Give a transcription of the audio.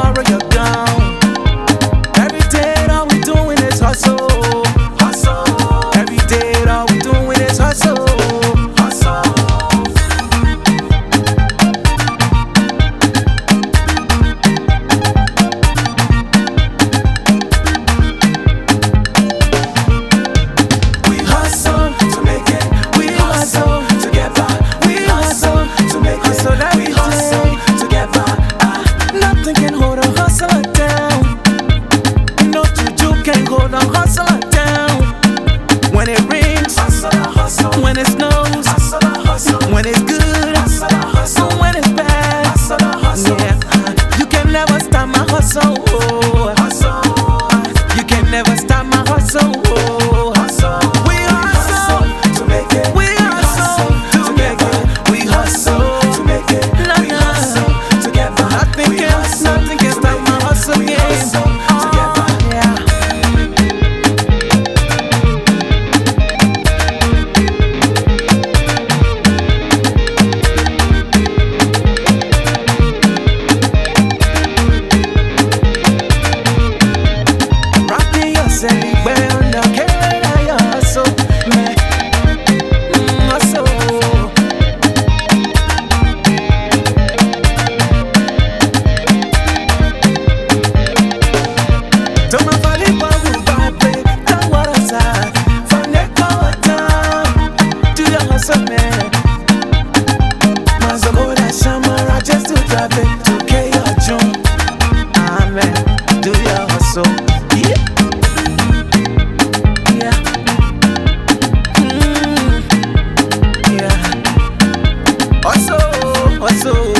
tomorrow. hustle. hustle. Oh. You can never stop my hustle. We hustle, to make it. We hustle, We hustle to make it. We hustle together. Nothing nothing can stop my hustle game. Oh, mm, so.